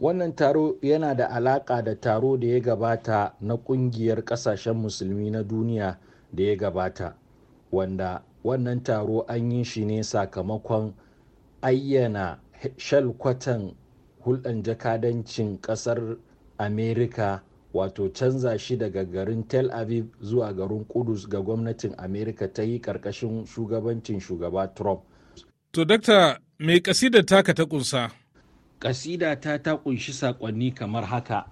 wannan taro yana da alaƙa da taro da ya gabata na ƙungiyar ƙasashen musulmi na duniya da ya gabata wanda wannan taro an yi shi ne sakamakon ayyana shalkwatan hulɗan jakadancin ƙasar amerika wato canza shi daga garin tel aviv zuwa garin kudus ga gwamnatin amerika ta yi ƙarƙashin shugabancin shugaba trump to dakta mai ƙasidar taka ta ƙunsa ƙasida ta ta ƙunshi saƙonni kamar haka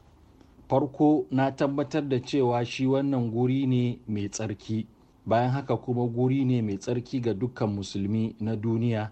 farko na tabbatar da cewa shi wannan guri ne mai tsarki bayan haka kuma guri ne mai tsarki ga dukkan musulmi na duniya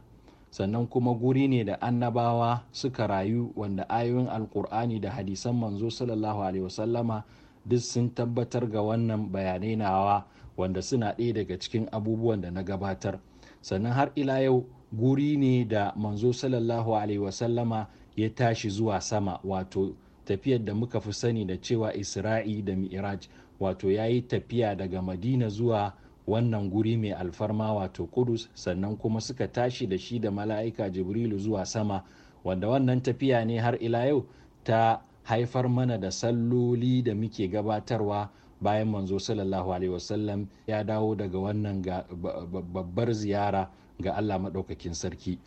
sannan kuma guri ne da annabawa suka rayu wanda ayoyin alkur'ani da hadisan manzo sallallahu alaihi wasallama duk sun tabbatar ga wannan bayanai nawa wanda suna ɗaya daga cikin abubuwan da na gabatar sannan har ila yau guri ne da manzo sallallahu alaihi wasallama ya tashi zuwa sama wato tafiyar da muka fi sani da cewa isra'i da mi'raj wato ya yi tafiya daga madina zuwa wannan guri mai alfarma wato kudus sannan kuma suka tashi da shi da mala'ika jibrilu zuwa sama wanda wannan tafiya ne har ila yau ta haifar mana da salloli da muke gabatarwa bayan manzo sallallahu alaihi wasallam ya dawo daga wannan babbar ziyara ga Allah maɗaukakin sarki.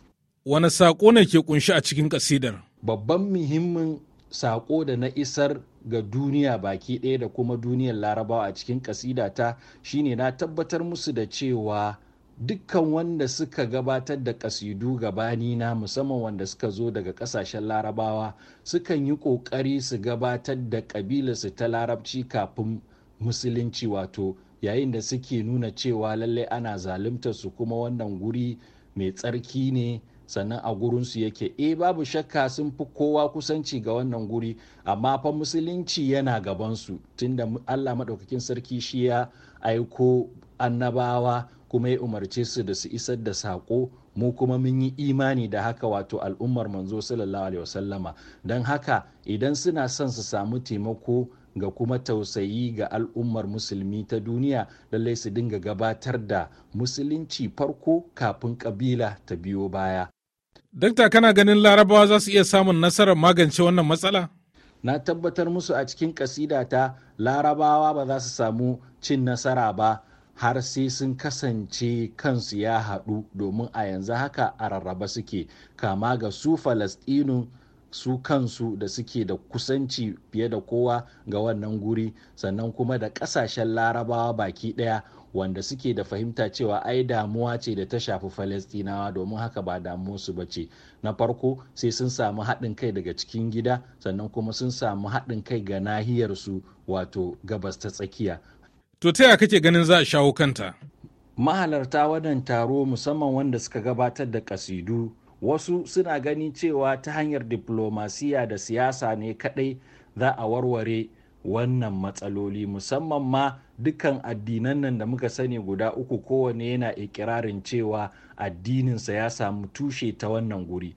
Wane saƙo ne ke kunshi a cikin kasidar? Babban muhimmin saƙo da na isar ga duniya baki ɗaya da kuma duniyar larabawa a cikin kasida ta shine na tabbatar musu da cewa dukkan wanda suka gabatar da ƙasidu kasidu na musamman wanda suka zo daga ƙasashen larabawa sukan yi ƙoƙari su gabatar da ƙabilarsu ta larabci kafin musulunci wato yayin da suke nuna cewa lallai ana zaluntar su kuma wannan guri mai tsarki ne sannan a gurinsu yake e babu shakka sun fi kowa kusanci ga wannan guri amma fa musulunci yana gabansu tunda allah maɗaukakin sarki shi ya aiko annabawa kuma ya umarce su da su isar da saƙo mu kuma mun yi imani da haka wato al'ummar manzo sallallahu alaihi wasallama don haka idan suna son su samu taimako ga kuma tausayi ga al'ummar musulmi ta duniya lallai su dinga gabatar da musulunci farko kafin kabila ta biyo baya. Dakta kana ganin larabawa za su iya samun nasarar magance wannan matsala? Na tabbatar musu a cikin kasidata larabawa ba za su samu cin nasara ba har sai sun kasance kansu ya haɗu domin a yanzu haka a rarraba suke kama ga su falastinun su kansu da suke da kusanci fiye da kowa ga wannan guri sannan kuma da ƙasashen larabawa baki ɗaya wanda suke da fahimta cewa ai damuwa ce da ta shafi falastinawa domin haka ba damuwarsu ba ce na farko sai sun samu haɗin kai daga cikin gida sannan kuma sun samu haɗin kai ga nahiyarsu wato gabas ta tsakiya To ta kake ganin za a shawo kanta? Mahalarta wannan taro musamman wanda suka gabatar da kasidu wasu suna gani cewa ta hanyar diplomasiya da siyasa ne kadai za a warware wannan matsaloli musamman ma dukkan addinan nan da muka sani guda uku kowane yana ikirarin cewa addininsa ya samu tushe ta wannan guri